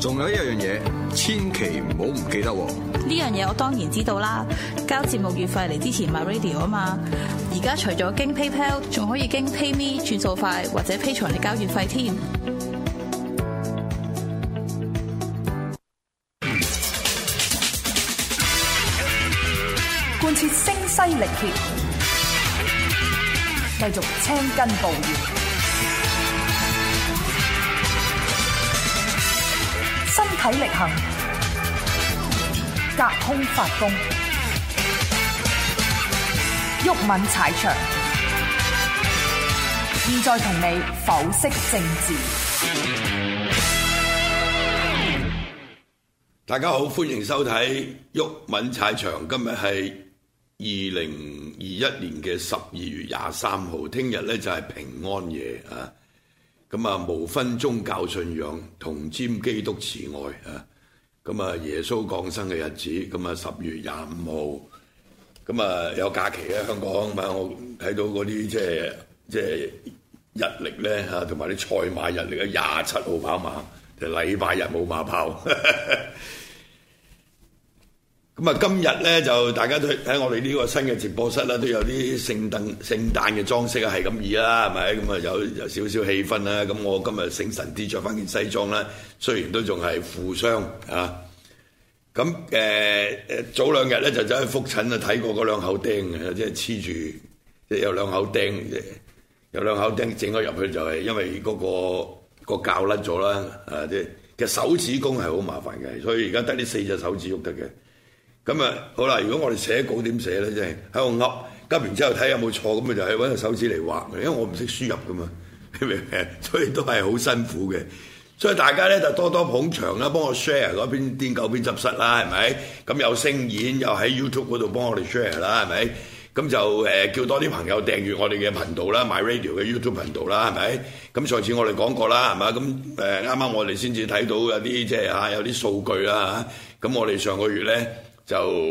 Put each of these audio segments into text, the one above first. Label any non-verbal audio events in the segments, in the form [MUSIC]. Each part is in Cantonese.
仲有一樣嘢，千祈唔好唔記得喎！呢樣嘢我當然知道啦，交節目月費嚟之前買 radio 啊嘛。而家除咗經 PayPal，仲可以經 PayMe 轉數快，或者 p a 批存嚟交月費添。貫徹聲西力竭，繼續青筋暴現。體力行，隔空發功，毓民踩場。現在同你剖析政治。大家好，歡迎收睇毓民踩場。今日係二零二一年嘅十二月廿三號，聽日咧就係平安夜啊！咁啊，無分宗教信仰，同沾基督慈愛啊！咁啊，耶穌降生嘅日子，咁啊十月廿五號，咁啊有假期喺香港啊，我睇到嗰啲即係即係日曆咧嚇，同埋啲賽馬日曆啊，廿七號跑馬就禮拜日冇馬跑。 [LAUGHS] 咁啊！今日咧就大家都喺我哋呢個新嘅直播室啦，都有啲聖誕、聖誕嘅裝飾啊，係咁意啦，係咪咁啊？有有少少氣氛啦。咁我今日醒神啲，著翻件西裝啦。雖然都仲係負傷啊。咁誒誒，早兩日咧就走去覆診啊，睇過嗰兩口釘嘅，即係黐住，即係有兩口釘，有兩口釘整咗入去就係因為嗰個個骹甩咗啦啊！即係其實手指公係好麻煩嘅，所以而家得呢四隻手指喐得嘅。咁啊，好啦，如果我哋寫稿點寫呢？即係喺度噏，噏完之後睇有冇錯，咁咪就係揾個手指嚟畫，因為我唔識輸入噶嘛，明唔明？所以都係好辛苦嘅。所以大家呢，就多多捧場啦，幫我 share 嗰邊癲鳩邊執失啦，係咪？咁又聲演又喺 YouTube 嗰度幫我哋 share 啦，係咪？咁、呃、就叫多啲朋友訂閱我哋嘅頻道啦，My Radio 嘅 YouTube 頻道啦，係咪？咁上次我哋講過啦，係咪？咁啱啱我哋先至睇到有啲即係有啲數據啦，咁我哋上個月呢。就誒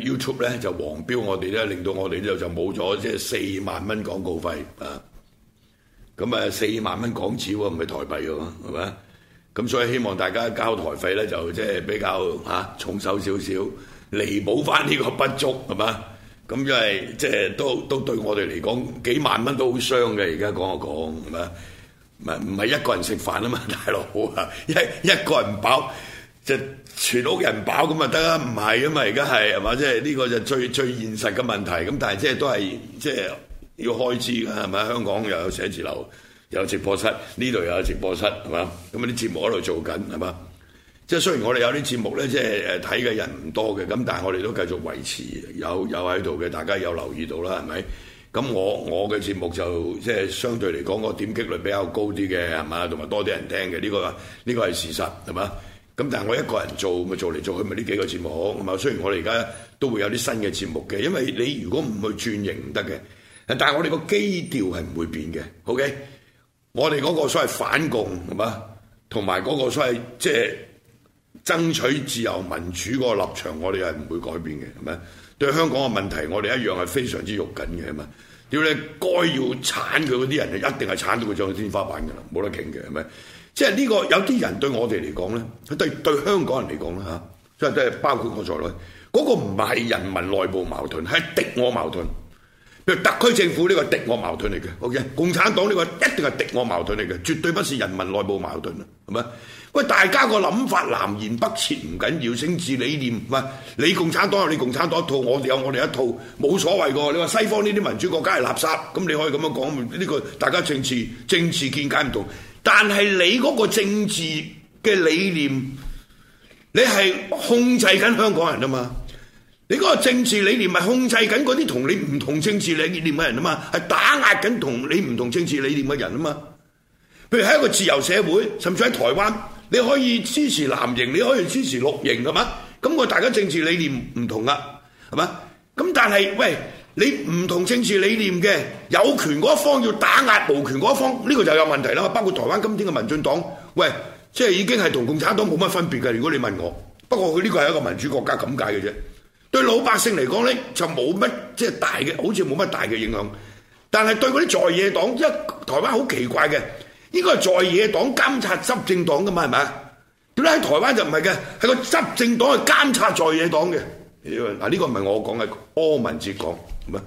YouTube 咧就黃標我呢，我哋咧令到我哋咧就冇咗即係四萬蚊廣告費啊！咁啊四萬蚊港紙喎，唔係台幣喎，係咪？咁所以希望大家交台費咧，就即係比較啊重手少少，彌補翻呢個不足，係咪？咁因為，即係、即係即係、都都對我哋嚟講幾萬蚊都好傷嘅，而家講一講，係咪？唔係唔係一個人食飯啊嘛，大佬，一一個人唔飽。就是、全屋人飽咁啊得啦，唔係啊嘛。而家係係嘛，即係呢個就最最現實嘅問題咁。但係即係都係即係要開支㗎，係咪？香港又有寫字樓，有直播室，呢度又有直播室係嘛？咁啊啲節目喺度做緊係嘛？即係、即係、雖然我哋有啲節目咧，即係誒睇嘅人唔多嘅，咁但係我哋都繼續維持有有喺度嘅，大家有留意到啦係咪？咁我我嘅節目就即係、即係、相對嚟講個點擊率比較高啲嘅係嘛，同埋多啲人聽嘅呢、呢個呢、呢個係事實係嘛？咁但係我一個人做咪做嚟做去咪呢幾個節目好。係雖然我哋而家都會有啲新嘅節目嘅，因為你如果唔去轉型唔得嘅。但係我哋個基調係唔會變嘅。OK，我哋嗰個所謂反共係嘛，同埋嗰個所謂即係爭取自由民主嗰個立場，我哋係唔會改變嘅。係咪？對香港嘅問題，我哋一樣係非常之肉緊嘅。係嘛？點你該要鏟佢嗰啲人，就一定係鏟到佢上天花板噶啦，冇得停嘅，係咪？即係呢個有啲人對我哋嚟講咧，對對香港人嚟講咧嚇，即係包括我在內，嗰個唔係人民內部矛盾，係敵我矛盾。譬如特區政府呢個敵我矛盾嚟嘅，OK？共產黨呢個一定係敵我矛盾嚟嘅，絕對不是人民內部矛盾啦，係咪？喂，大家個諗法南轅北轍唔緊要，政治理念，喂，你共產黨有你共產黨一套，我哋有我哋一套，冇所謂㗎。你話西方呢啲民主國家係垃圾，咁你可以咁樣講，呢個大家政治政治見解唔同。但係你嗰個政治嘅理念，你係控制緊香港人啊嘛？你嗰個政治理念係控制緊嗰啲同你唔同政治理念嘅人啊嘛？係打壓緊同你唔同政治理念嘅人啊嘛？譬如喺一個自由社會，甚至喺台灣，你可以支持藍營，你可以支持綠營，㗎嘛？咁我大家政治理念唔同啊，係嘛？咁但係喂。你唔同政治理念嘅有權嗰一方要打壓無權嗰一方，呢個就有問題啦。包括台灣今天嘅民進黨，喂，即係已經係同共產黨冇乜分別嘅。如果你問我，不過佢呢個係一個民主國家咁解嘅啫。對老百姓嚟講呢，就冇乜即係大嘅，好似冇乜大嘅影響。但係對嗰啲在野黨，一台灣好奇怪嘅，應該係在野黨監察執政黨㗎嘛係咪啊？點解喺台灣就唔係嘅？係個執政黨係監察在野黨嘅？嗱呢個唔係我講嘅，柯文哲講。咩？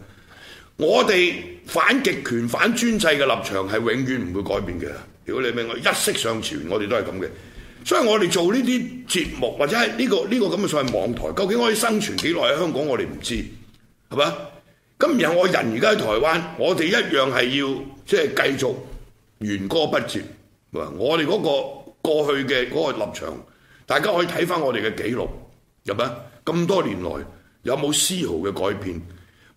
我哋反極權、反專制嘅立場係永遠唔會改變嘅。如果你明我一息尚存，我哋都係咁嘅。所以我哋做呢啲節目或者係、呢個、呢個呢、呢個咁嘅所謂網台，究竟可以生存幾耐喺香港？我哋唔知，係咪？咁然後我人而家喺台灣，我哋一樣係要即係、即係、繼續弦歌不絕。我哋嗰個過去嘅嗰個立場，大家可以睇翻我哋嘅記錄，係咪？咁多年來有冇絲毫嘅改變？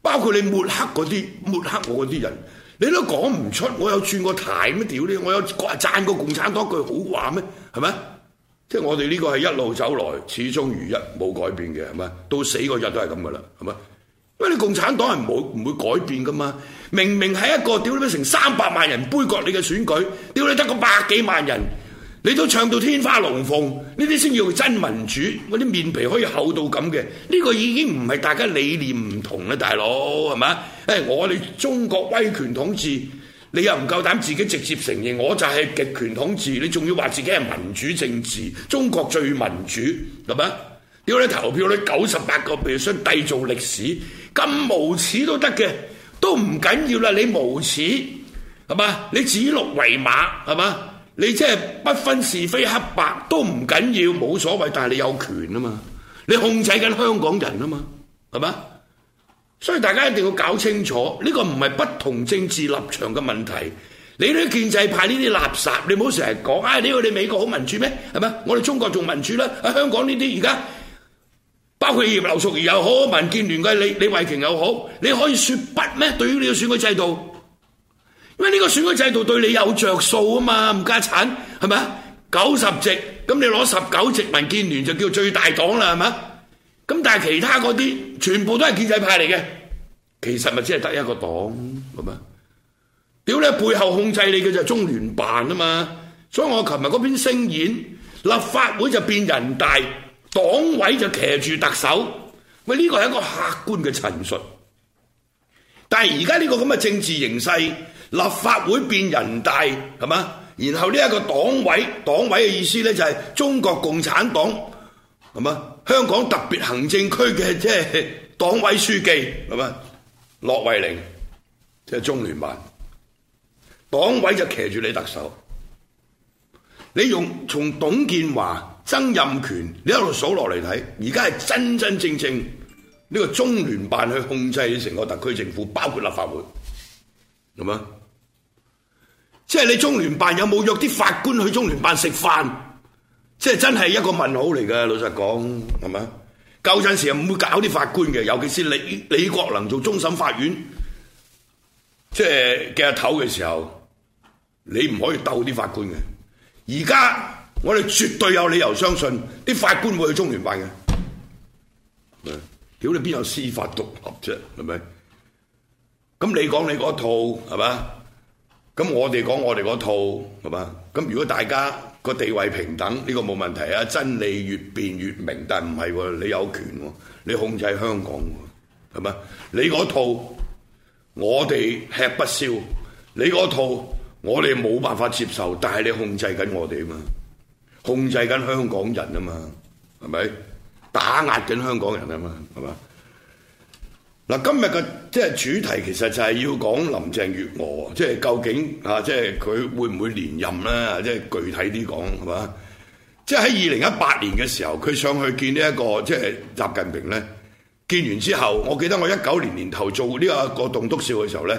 包括你抹黑嗰啲，抹黑我嗰啲人，你都講唔出我有轉過台咩？屌你！我有贊過共產黨句好話咩？係咪？即係我哋呢個係一路走來始終如一冇改變嘅，係咪？到死嗰日都係咁噶啦，係咪？因為你共產黨係冇，唔會改變噶嘛，明明係一個屌你乜成三百萬人杯葛你嘅選舉屌你得個百幾萬人。你都唱到天花龍鳳，呢啲先叫真民主。我啲面皮可以厚到咁嘅，呢個已經唔係大家理念唔同啦，大佬係嘛？誒，我哋中國威權統治，你又唔夠膽自己直接承認，我就係極權統治，你仲要話自己係民主政治？中國最民主係咪？屌你投票率九十八個 percent，締造歷史咁無恥都得嘅，都唔緊要啦。你無恥係嘛？你指鹿為馬係嘛？你即係不分是非黑白都唔緊要，冇所謂。但係你有權啊嘛，你控制緊香港人啊嘛，係嘛？所以大家一定要搞清楚，呢、這個唔係不同政治立場嘅問題。你啲建制派呢啲垃圾，你唔好成日講啊！呢、哎、個你，你美國好民主咩？係咪？我哋中國仲民主啦。喺香港呢啲而家，包括葉劉淑儀又好，民建聯嘅李李慧瓊又好，你可以說不咩？對於呢個選舉制度？因為呢個選舉制度對你有着數啊嘛，唔加產係咪？九十席，咁你攞十九席，民建聯就叫最大黨啦，係咪？咁但係其他嗰啲全部都係建制派嚟嘅，其實咪只係得一個黨咁啊？屌你背後控制你嘅就係中聯辦啊嘛！所以我琴日嗰篇聲演，立法會就變人大，黨委就騎住特首。喂，呢個係一個客觀嘅陳述，但係而家呢個咁嘅政治形勢。立法會變人大係嘛？然後呢一個黨委，黨委嘅意思咧，就係中國共產黨係嘛？香港特別行政區嘅即係黨委書記係嘛？駱惠寧即係中聯辦黨委就騎住你特首，你用從董建華、曾蔭權，你一路數落嚟睇，而家係真真正正呢個中聯辦去控制成個特區政府，包括立法會，係嘛？即係你中聯辦有冇約啲法官去中聯辦食飯？即係真係一個問號嚟噶，老實講係咪啊？舊陣時唔會搞啲法官嘅，尤其是李李國能做終審法院，即係嘅阿頭嘅時候，你唔可以鬥啲法官嘅。而家我哋絕對有理由相信啲法官會去中聯辦嘅。屌你邊有司法獨立啫，係咪？咁你講你嗰套係咪啊？咁我哋講我哋嗰套係嘛？咁如果大家個地位平等，呢個冇問題啊！真理越辯越明，但唔係喎，你有權喎，你控制香港喎，係嘛？你嗰套我哋吃不消，你嗰套我哋冇辦法接受，但係你控制緊我哋啊嘛，控制緊香港人啊嘛，係咪？打壓緊香港人啊嘛，係嘛？嗱，今日嘅即係主題其實就係要講林鄭月娥，即係究竟啊，即係佢會唔會連任咧？即係具體啲講，係嘛，即係喺二零一八年嘅時候，佢上去見呢一個即係習近平咧，見完之後，我記得我一九年年頭做呢個個棟篤笑嘅時候咧，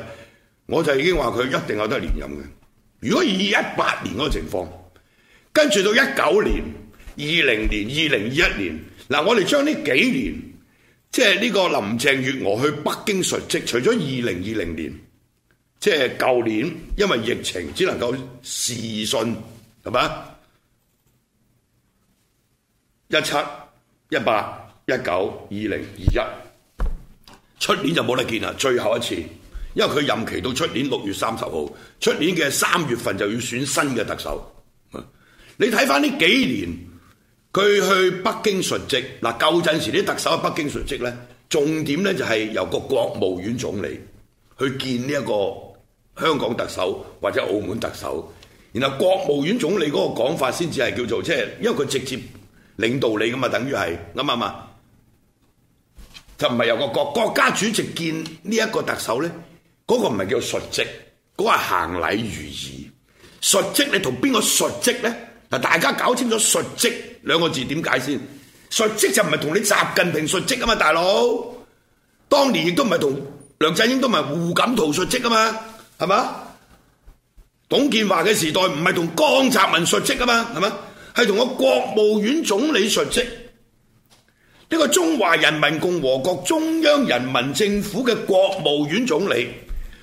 我就已經話佢一定有得連任嘅。如果以一八年嗰個情況，跟住到一九年、二零年、二零二一年，嗱，我哋將呢幾年。即係呢個林鄭月娥去北京述職，即除咗二零二零年，即係舊年，因為疫情只能夠視訊，係咪？一七、一八、一九、二零、二一，出年就冇得見啦，最後一次，因為佢任期到出年六月三十號，出年嘅三月份就要選新嘅特首。你睇翻呢幾年？佢去北京述職，嗱，舊陣時啲特首喺北京述職呢，重點呢就係由個國務院總理去見呢一個香港特首或者澳門特首，然後國務院總理嗰個講法先至係叫做即係，因為佢直接領導你㗎嘛，等於係啱唔啱？就唔係由個國國家主席見呢一個特首呢，嗰個唔係叫述職，嗰個係行禮如儀。述職你同邊個述職呢？大家搞清楚述職“述職”兩個字點解先？“述職”就唔係同你習近平述職啊嘛，大佬。當年亦都唔係同梁振英，都唔係胡錦濤述職啊嘛，係嘛？董建華嘅時代唔係同江澤民述職啊嘛，係嘛？係同個國務院總理述職。呢個中華人民共和國中央人民政府嘅國務院總理，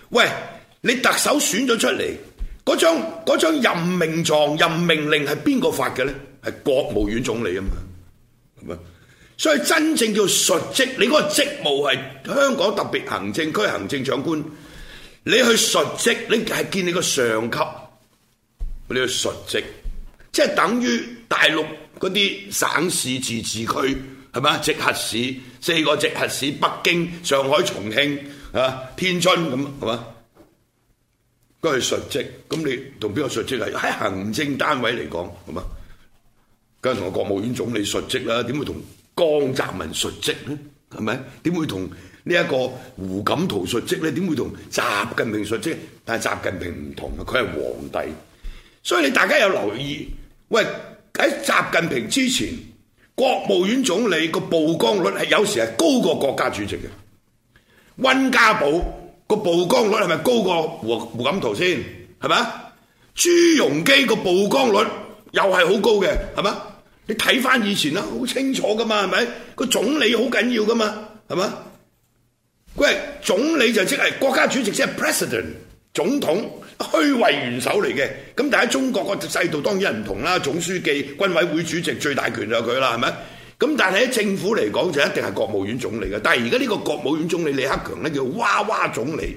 喂，你特首選咗出嚟。嗰張嗰張任命狀、任命令係邊個發嘅咧？係國務院總理啊嘛，係咪？所以真正叫述職，你嗰個職務係香港特別行政區行政長官，你去述職，你係見你個上級，你去述職，即係等於大陸嗰啲省市自治區係咪？直轄市，四個直轄市，北京、上海、重慶啊、天津咁係咪？佢去述職，咁你同邊個述職啊？喺行政單位嚟講，好嘛？梗係同個國務院總理述職啦，點會同江澤民述職咧？係咪？點會同呢一個胡錦濤述職咧？點會同習近平述職？但係習近平唔同嘅，佢係皇帝，所以你大家有留意？喂，喺習近平之前，國務院總理個曝光率係有時係高過國家主席嘅，溫家寶。個曝光率係咪高過胡胡錦濤先？係咪？朱鎔基個曝光率又係好高嘅，係咪？你睇翻以前啦，好清楚噶嘛，係咪？個總理好緊要噶嘛，係咪？喂，總理就即係國家主席，即係 president 總統，虛位元首嚟嘅。咁但係中國個制度當然唔同啦，總書記、軍委會主席最大權就係佢啦，係咪？咁但係喺政府嚟講就一定係國務院總理嘅。但係而家呢個國務院總理李克強咧，叫娃娃總理，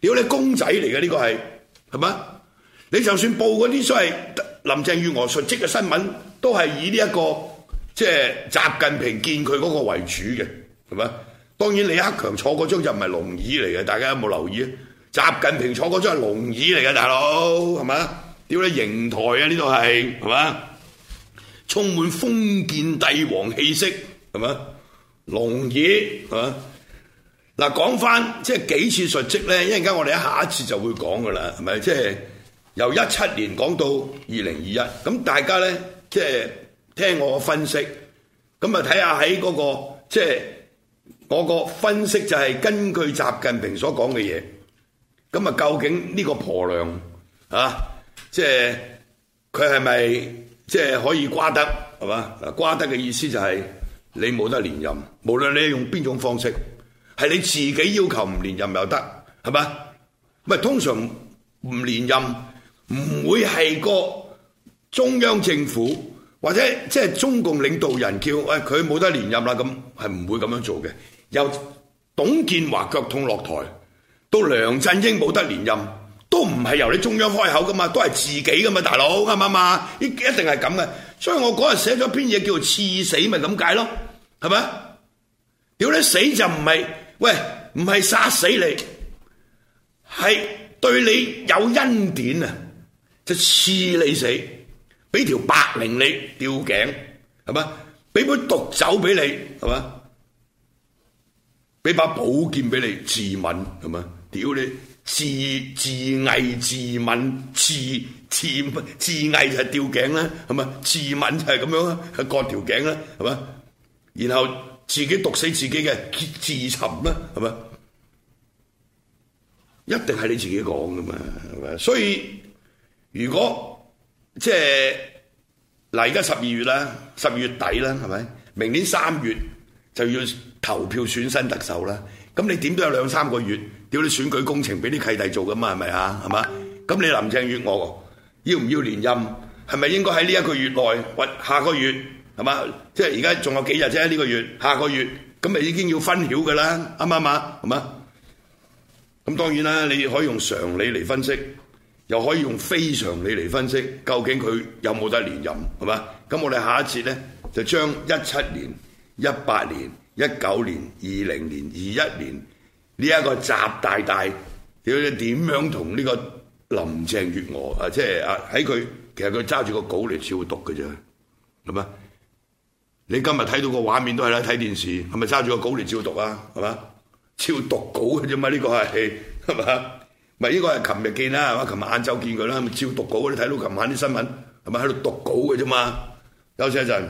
屌你公仔嚟嘅，呢個係係嘛？你就算報嗰啲所謂林鄭月娥述職嘅新聞，都係以呢一個即係習近平見佢嗰個為主嘅係嘛？當然李克強坐嗰張就唔係龍椅嚟嘅，大家有冇留意啊？習近平坐嗰張係龍椅嚟嘅大佬係嘛？屌你型台啊，呢度係係嘛？充滿封建帝王氣息，係嘛？龍椅係嘛？嗱，講翻即係幾次述職咧？一陣間我哋下一次就會講噶啦，係咪？即係由一七年講到二零二一，咁大家咧即係聽我嘅分析，咁啊睇下喺嗰個即係我個分析就係根據習近平所講嘅嘢，咁啊究竟呢個婆娘啊，即係佢係咪？即係可以瓜得係嘛？嗱，瓜得嘅意思就係你冇得連任，無論你用邊種方式，係你自己要求唔連任又得係嘛？唔係，通常唔連任唔會係個中央政府或者即係中共領導人叫誒佢冇得連任啦，咁係唔會咁樣做嘅。由董建華腳痛落台到梁振英冇得連任。都唔係由你中央開口噶嘛，都係自己噶嘛，大佬，啱唔啱啊？依一定係咁嘅，所以我嗰日寫咗篇嘢，叫做刺死，咪咁解咯，係咪？屌你死就唔係，喂，唔係殺死你，係對你有恩典啊，就賜你死，俾條白綾你吊頸，係嘛？俾杯毒酒俾你，係嘛？俾把寶劍俾你自刎，係嘛？屌你！自自縊自刎，自自自縊就係吊頸啦，係咪？自刎就係咁樣啦，係割條頸啦，係咪？然後自己毒死自己嘅自尋啦，係咪？一定係你自己講噶嘛，係咪？所以如果即係嗱，而家十二月啦，十二月底啦，係咪？明年三月就要投票選新特首啦。咁你點都有兩三個月，屌你選舉工程俾啲契弟做噶嘛，係咪啊？係嘛？咁你林鄭月娥要唔要連任？係咪應該喺呢一個月內或下個月？係嘛？即係而家仲有幾日啫？呢個月，下個月，咁咪已經要分曉噶啦，啱唔啱啊？係嘛？咁當然啦，你可以用常理嚟分析，又可以用非常理嚟分析，究竟佢有冇得連任？係嘛？咁我哋下一次咧就將一七年、一八年。一九年、二零年、二一年呢一、這個習大大，要你點樣同呢個林鄭月娥啊？即係啊，喺佢其實佢揸住個稿嚟照讀嘅啫，係咪？你今日睇到個畫面都係啦，睇電視係咪揸住個稿嚟照讀啊？係嘛，照讀稿嘅啫嘛，呢、這個係係嘛，咪呢、這個係琴日見啦，係嘛？琴日晏晝見佢啦，係咪照讀稿，你睇到琴晚啲新聞係咪喺度讀稿嘅啫嘛？休息一陣。